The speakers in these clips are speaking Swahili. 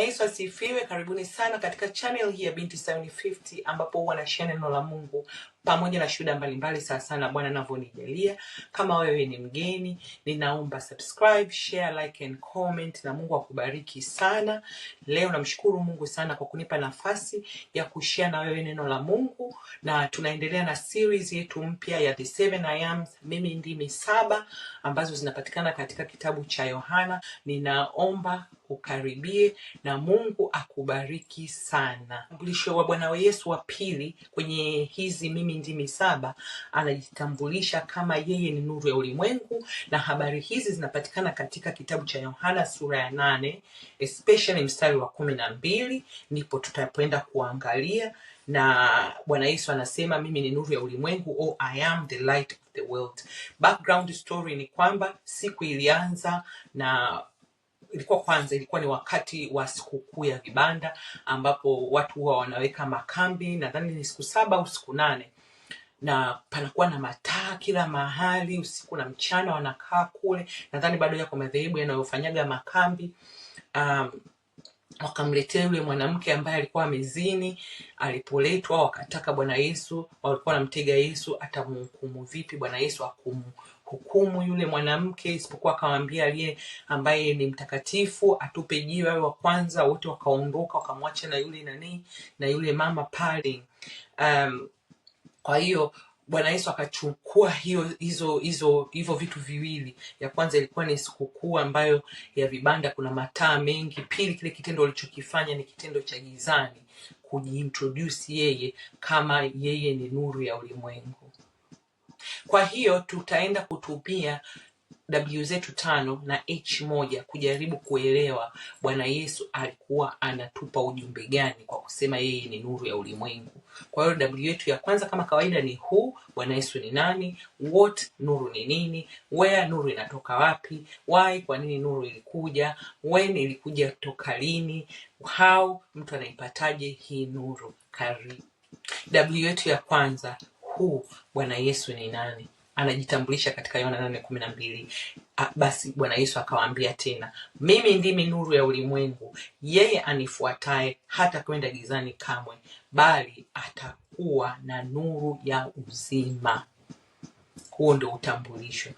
Yesu asifiwe. Karibuni sana katika channel hii ya Binti Sayuni 50 ambapo huwa na neno la Mungu pamoja na shuhuda mbalimbali sana sana Bwana anavyonijalia. Kama wewe ni mgeni, ninaomba subscribe, share, like and comment, na Mungu akubariki sana. Leo namshukuru Mungu sana kwa kunipa nafasi ya kushia na wewe neno la Mungu, na tunaendelea na series yetu mpya ya The Seven I Am, mimi ndimi saba, ambazo zinapatikana katika kitabu cha Yohana. Ninaomba ukaribie na Mungu akubariki sana. Mlisho wa Bwana Yesu wa pili kwenye hizi mimi ndimi ndimi saba anajitambulisha kama yeye ni nuru ya ulimwengu na habari hizi zinapatikana katika kitabu cha yohana sura ya nane especially mstari wa kumi na mbili ndipo tutapoenda kuangalia na bwana yesu anasema mimi ni nuru ya ulimwengu oh, i am the light of the world background story ni kwamba siku ilianza na ilikuwa kwanza ilikuwa ni wakati wa sikukuu ya vibanda ambapo watu huwa wanaweka makambi nadhani ni siku saba au siku nane na panakuwa na mataa kila mahali usiku na mchana, wanakaa kule. Nadhani bado yako madhehebu yanayofanyaga makambi um, wakamletea yule mwanamke ambaye alikuwa amezini. Alipoletwa wakataka Bwana Yesu, walikuwa wanamtega Yesu atamhukumu vipi, Bwana Yesu akumhukumu yule mwanamke, isipokuwa akawambia aliye ambaye ni mtakatifu atupe jiwe wa kwanza. Wote wakaondoka wakamwacha na yule nanii na yule mama pale um, kwa hiyo bwana yesu akachukua hiyo hizo hizo hivyo vitu viwili ya kwanza ilikuwa ni sikukuu ambayo ya vibanda kuna mataa mengi pili kile kitendo alichokifanya ni kitendo cha gizani kujiintrodusi yeye kama yeye ni nuru ya ulimwengu kwa hiyo tutaenda kutumia W zetu tano na H moja kujaribu kuelewa Bwana Yesu alikuwa anatupa ujumbe gani kwa kusema yeye ni nuru ya ulimwengu. Kwa hiyo W yetu ya kwanza kama kawaida ni who, Bwana Yesu ni nani? What, nuru ni nini? Where, nuru inatoka wapi? Why, kwa nini nuru ilikuja? When, ilikuja toka lini? How, mtu anaipataje hii nuru? Karibu. W yetu ya kwanza who, Bwana Yesu ni nani? anajitambulisha katika Yohana nane kumi na mbili. Basi Bwana Yesu akawaambia tena, mimi ndimi nuru ya ulimwengu, yeye anifuataye hata kwenda gizani kamwe, bali atakuwa na nuru ya uzima. Huo ndio utambulisho.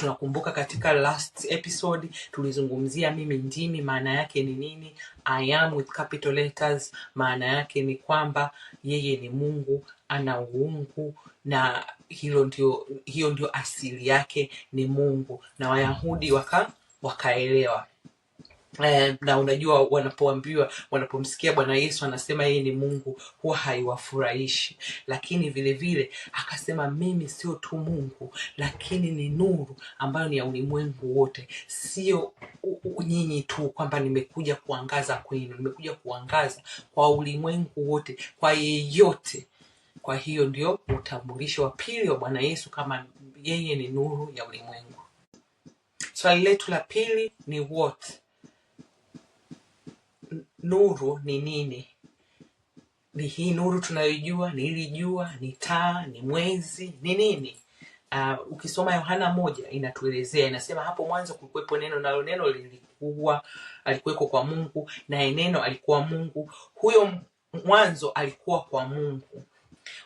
Tunakumbuka katika last episode tulizungumzia mimi ndimi, maana yake ni nini? I am with capital letters, maana yake ni kwamba yeye ni Mungu, ana uungu na hilo ndio, hiyo ndio asili yake ni Mungu, na Wayahudi waka wakaelewa Eh, na unajua wanapoambiwa wanapomsikia Bwana Yesu anasema yeye ni Mungu huwa haiwafurahishi, lakini vile vile akasema mimi sio tu Mungu, lakini ni nuru ambayo ni ya ulimwengu wote, sio nyinyi tu, kwamba nimekuja kuangaza kwenu, nimekuja kuangaza kwa ulimwengu wote, kwa yeyote. Kwa hiyo ndio utambulisho wa pili wa Bwana Yesu kama yeye ni nuru ya ulimwengu. Swali letu la pili ni what nuru ni nini ni hii nuru tunayoijua ni ili jua ni taa ni mwezi ni nini uh, ukisoma yohana moja inatuelezea inasema hapo mwanzo kulikuwepo neno nalo neno lilikuwa alikuweko kwa mungu naye neno alikuwa mungu huyo mwanzo alikuwa kwa mungu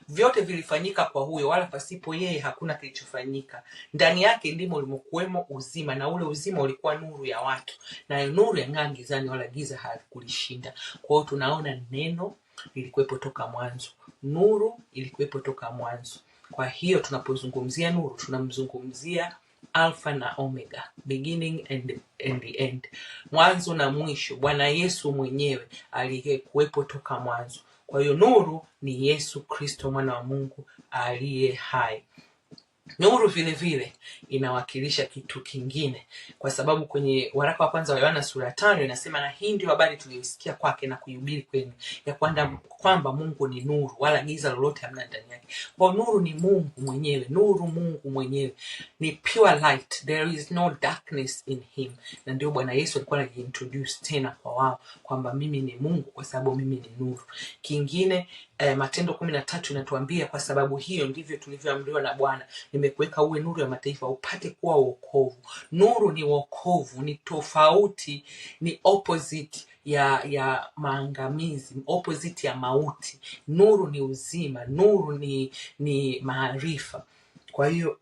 Vyote vilifanyika kwa huyo, wala pasipo yeye hakuna kilichofanyika. Ndani yake ndimo ulimokuwemo uzima, na ule uzima ulikuwa nuru ya watu, nayo nuru yang'aa gizani, wala giza hakulishinda Kwa hiyo tunaona neno lilikuwepo toka mwanzo, nuru ilikuwepo toka mwanzo. Kwa hiyo tunapozungumzia nuru, tunamzungumzia Alfa na Omega, beginning and, and the end, mwanzo na mwisho. Bwana Yesu mwenyewe aliyekuwepo toka mwanzo. Kwa hiyo nuru ni Yesu Kristo mwana wa Mungu aliye hai. Nuru vile vile inawakilisha kitu kingine, kwa sababu kwenye waraka wa kwanza wa Yohana sura ya tano inasema, na hii ndio habari tuliyoisikia kwake na kuihubiri kwenu, ya kwanda kwamba Mungu ni nuru, wala giza lolote hamna ndani yake. Kwa nuru ni Mungu mwenyewe, nuru Mungu mwenyewe ni pure light, there is no darkness in him. Na ndio Bwana Yesu alikuwa anajiintroduce tena kwa wao kwamba mimi ni Mungu kwa sababu mimi ni nuru. Kingine eh, Matendo kumi na tatu inatuambia kwa sababu hiyo ndivyo tulivyoamriwa na Bwana nimekuweka uwe nuru ya mataifa upate kuwa wokovu nuru ni wokovu ni tofauti ni opposite ya ya maangamizi opposite ya mauti nuru ni uzima nuru ni ni maarifa kwa hiyo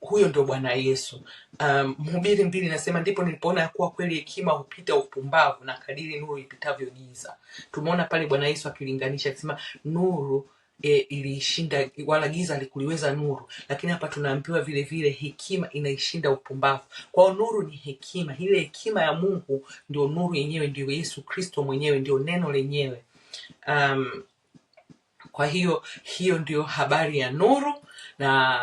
huyo ndio bwana yesu um, mhubiri um, mbili inasema ndipo nilipoona ya kuwa kweli hekima hupita upumbavu na kadiri nuru ipitavyo giza tumeona pale bwana yesu akilinganisha akisema nuru e, iliishinda wala giza likuliweza nuru lakini hapa tunaambiwa vile vile hekima inaishinda upumbavu kwao nuru ni hekima ile hekima ya mungu ndio nuru yenyewe ndio yesu kristo mwenyewe ndio neno lenyewe um, kwa hiyo hiyo ndio habari ya nuru na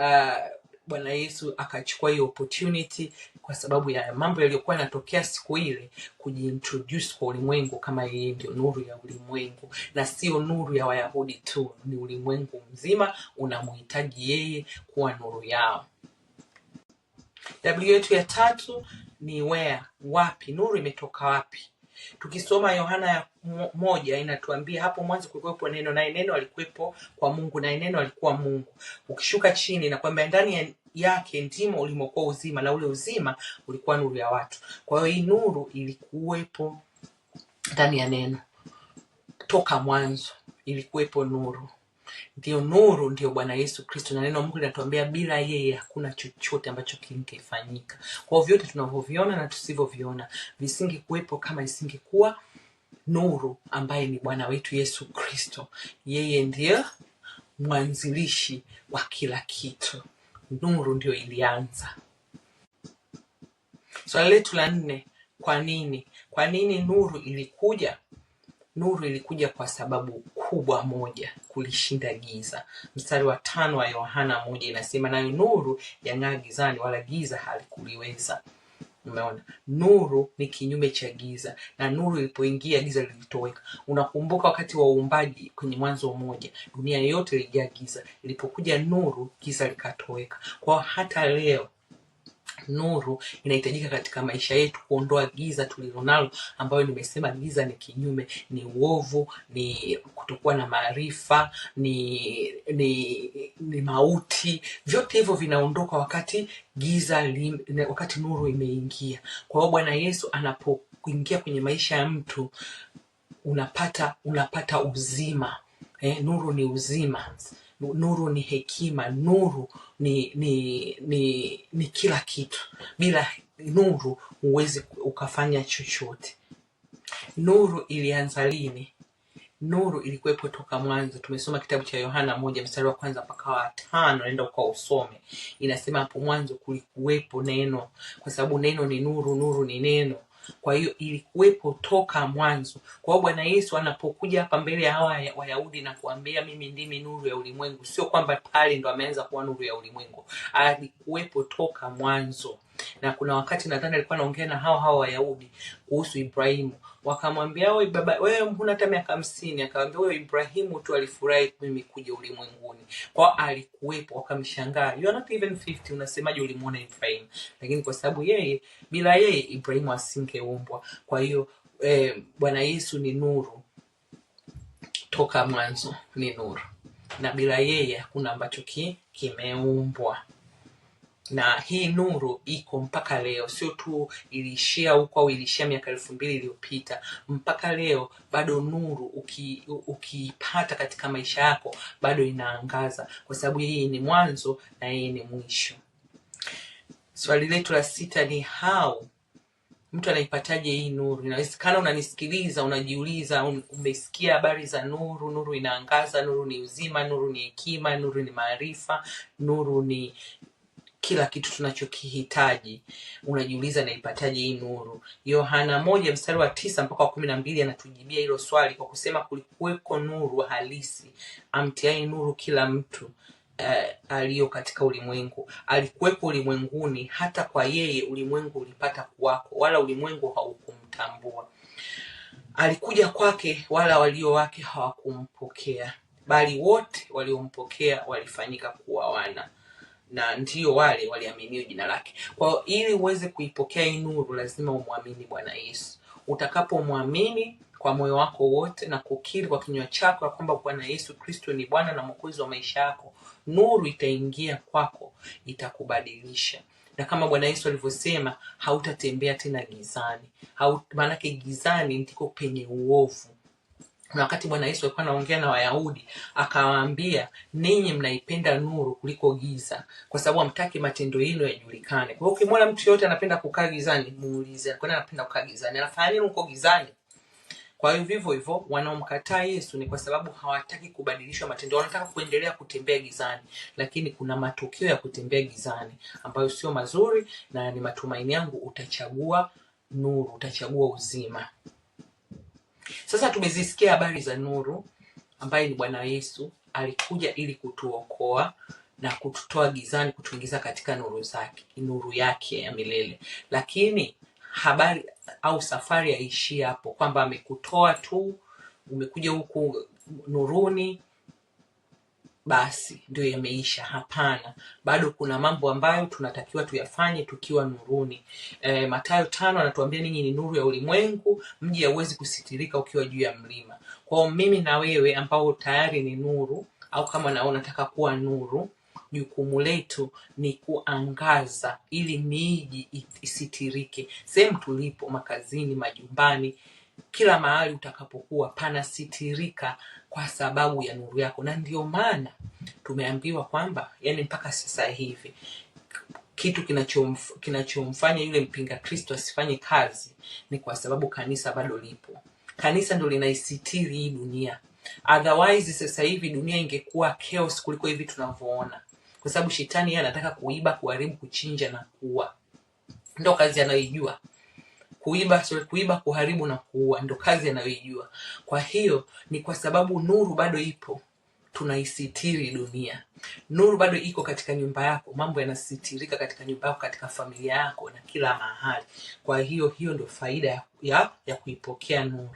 uh, bwana yesu akachukua hiyo opportunity kwa sababu ya mambo yaliyokuwa yanatokea siku ile kujiintroduce kwa ulimwengu kama yeye ndio nuru ya ulimwengu na sio nuru ya wayahudi tu ni ulimwengu mzima unamhitaji yeye kuwa nuru yao w yetu ya tatu ni where wapi nuru imetoka wapi tukisoma yohana ya moja inatuambia hapo mwanzo kulikuwepo neno naye neno alikuwepo kwa mungu naye neno alikuwa mungu ukishuka chini na kwamba ndani yake ndimo ulimokuwa uzima na ule uzima ulikuwa nuru ya watu kwa hiyo hii nuru ilikuwepo ndani ya neno toka mwanzo ilikuwepo nuru ndio nuru, ndio Bwana Yesu Kristo, na neno Mungu linatuambia bila yeye hakuna chochote ambacho kingefanyika. Kwa hiyo vyote tunavyoviona na tusivyoviona visingekuwepo kama isingekuwa nuru ambaye ni Bwana wetu Yesu Kristo. Yeye ndiye mwanzilishi wa kila kitu, nuru ndio ilianza. Swali so, letu la nne, kwa nini? Kwa nini nuru ilikuja? Nuru ilikuja kwa sababu kubwa moja, kulishinda giza. Mstari wa tano wa Yohana moja inasema, nayo nuru yang'aa gizani, wala giza halikuliweza. Umeona, nuru ni kinyume cha giza, na nuru ilipoingia giza lilitoweka. Unakumbuka wakati wa uumbaji kwenye Mwanzo mmoja, dunia yote ilijaa giza, ilipokuja nuru giza likatoweka. Kwa hata leo nuru inahitajika katika maisha yetu kuondoa giza tulilonalo ambayo nimesema giza ni kinyume ni uovu ni kutokuwa na maarifa ni, ni ni mauti vyote hivyo vinaondoka wakati giza lim, wakati nuru imeingia kwa hiyo bwana yesu anapoingia kwenye maisha ya mtu unapata unapata uzima eh, nuru ni uzima nuru ni hekima nuru ni ni ni, ni kila kitu bila nuru huwezi ukafanya chochote nuru ilianza lini nuru ilikuwepo toka mwanzo tumesoma kitabu cha yohana moja mstari wa kwanza mpaka wa tano naenda kwa usome inasema hapo mwanzo kulikuwepo neno kwa sababu neno ni nuru nuru ni neno kwa hiyo ilikuwepo toka mwanzo kwa hiyo bwana yesu anapokuja hapa mbele ya hawa wayahudi na kuambia mimi ndimi nuru ya ulimwengu sio kwamba pale ndo ameanza kuwa nuru ya ulimwengu alikuwepo toka mwanzo na kuna wakati nadhani alikuwa anaongea na hawa hawa wayahudi kuhusu ibrahimu wakamwambia wewe baba wewe huna hata miaka hamsini akamwambia wewe ibrahimu tu alifurahi mimi kuja ulimwenguni kwao alikuwepo wakamshangaa you are not even 50 unasemaje ulimwona ibrahimu lakini kwa sababu yeye bila yeye ibrahimu asingeumbwa kwa hiyo eh, bwana yesu ni nuru toka mwanzo ni nuru na bila yeye hakuna ambacho ki, kimeumbwa na hii nuru iko mpaka leo, sio tu iliishia huko au iliishia miaka elfu mbili iliyopita. Mpaka leo bado nuru uki, ukiipata katika maisha yako bado inaangaza, kwa sababu hii ni mwanzo na hii ni mwisho. Swali letu la sita ni hau mtu anaipataje hii nuru? Inawezekana unanisikiliza unajiuliza, umesikia habari za nuru. Nuru inaangaza, nuru ni uzima, nuru ni hekima, nuru ni maarifa, nuru ni kila kitu tunachokihitaji unajiuliza naipataje hii nuru yohana moja mstari wa tisa mpaka wa kumi na mbili anatujibia hilo swali kwa kusema kulikuweko nuru halisi amtiai nuru kila mtu eh, aliyo katika ulimwengu alikuwepo ulimwenguni hata kwa yeye ulimwengu ulipata kuwako wala ulimwengu haukumtambua alikuja kwake wala walio wake hawakumpokea bali wote waliompokea walifanyika kuwa wana na ndio wale waliaminio jina lake. Kwa hiyo ili uweze kuipokea hii nuru lazima umwamini Bwana Yesu. Utakapomwamini kwa moyo wako wote na kukiri kwa kinywa chako ya kwamba Bwana Yesu Kristo ni Bwana na Mwokozi wa maisha yako, nuru itaingia kwako, itakubadilisha na kama Bwana Yesu alivyosema, hautatembea tena gizani. Maanake gizani ndiko penye uovu na wakati bwana yesu alikuwa anaongea na wayahudi akawaambia ninyi mnaipenda nuru kuliko giza kwa sababu amtaki matendo yenu yajulikane kwa hiyo ukimwona mtu yoyote anapenda kukaa gizani muulize kwani anapenda kukaa gizani anafanya nini huko gizani kwa hiyo vivyo hivyo wanaomkataa yesu ni kwa sababu hawataki kubadilishwa matendo wanataka kuendelea kutembea gizani lakini kuna matokeo ya kutembea gizani ambayo sio mazuri na ni matumaini yangu utachagua nuru utachagua uzima sasa tumezisikia habari za nuru ambaye ni Bwana Yesu alikuja ili kutuokoa na kututoa gizani kutuingiza katika nuru zake, nuru yake ya milele. Lakini habari au safari haiishii hapo, kwamba amekutoa tu umekuja huku nuruni basi ndio yameisha hapana bado kuna mambo ambayo tunatakiwa tuyafanye tukiwa nuruni e, eh, matayo tano anatuambia ninyi ni nuru ya ulimwengu mji hauwezi kusitirika ukiwa juu ya mlima kwao mimi na wewe ambao tayari ni nuru au kama nao nataka kuwa nuru jukumu letu ni kuangaza ili miji isitirike sehemu tulipo makazini majumbani kila mahali utakapokuwa panasitirika kwa sababu ya nuru yako na ndio maana tumeambiwa kwamba yani mpaka sasa hivi kitu kinachomf, kinachomfanya yule mpinga kristo asifanye kazi ni kwa sababu kanisa bado lipo kanisa ndo linaisitiri hii dunia otherwise sasa hivi dunia ingekuwa chaos kuliko hivi tunavyoona kwa sababu shetani yeye anataka kuiba kuharibu kuchinja na kuua ndo kazi anayoijua kuiba sorry, kuiba kuharibu na kuua ndo kazi anayoijua kwa hiyo ni kwa sababu nuru bado ipo tunaisitiri dunia nuru bado iko katika nyumba yako mambo yanasitirika katika nyumba yako katika familia yako na kila mahali kwa hiyo hiyo ndio faida ya, ya, ya kuipokea nuru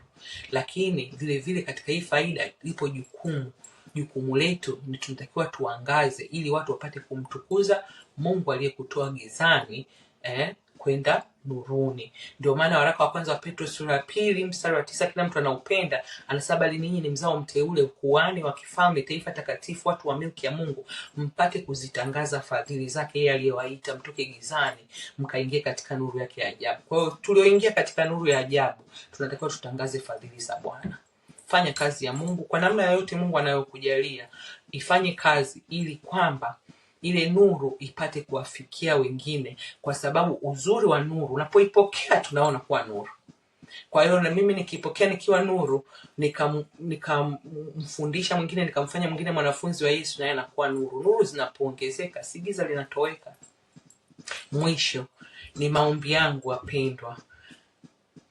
lakini vile vile katika hii faida ipo jukumu jukumu letu ni tunatakiwa tuangaze ili watu wapate kumtukuza mungu aliyekutoa gizani eh, kwenda nuruni ndio maana waraka wa kwanza wa petro sura ya pili mstari wa tisa kila mtu anaupenda anasema bali ninyi ni mzao mteule ukuani wa kifalme taifa takatifu watu wa milki ya mungu mpate kuzitangaza fadhili zake yeye aliyewaita mtoke gizani mkaingie katika nuru yake ya ajabu kwa hiyo tulioingia katika nuru ya ajabu tunatakiwa tutangaze fadhili za bwana fanya kazi ya mungu kwa namna yoyote mungu anayokujalia ifanye kazi ili kwamba ile nuru ipate kuwafikia wengine, kwa sababu uzuri wa nuru unapoipokea tunaona kuwa nuru. Kwa hiyo na mimi nikipokea nikiwa nuru, nikamfundisha nika mwingine, nikamfanya mwingine mwanafunzi wa Yesu, naye anakuwa nuru. Nuru zinapoongezeka, si giza linatoweka. Mwisho ni maombi yangu wapendwa,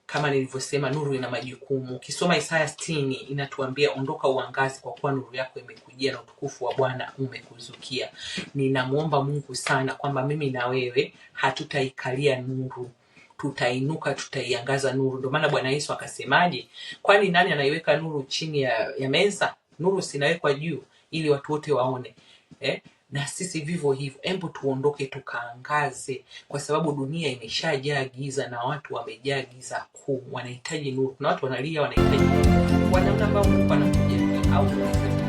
kama nilivyosema nuru ina majukumu ukisoma isaya stini inatuambia ondoka uangazi kwa kuwa nuru yako imekujia na utukufu wa bwana umekuzukia ninamwomba mungu sana kwamba mimi na wewe hatutaikalia nuru tutainuka tutaiangaza nuru ndio maana bwana yesu akasemaje kwani nani anaiweka nuru chini ya, ya meza nuru sinawekwa juu ili watu wote waone eh? na sisi vivyo hivyo embo tuondoke tukaangaze kwa sababu dunia imeshajaa giza na watu wamejaa giza kuu wanahitaji nuru na watu wanalia wanahitaji kwa namna au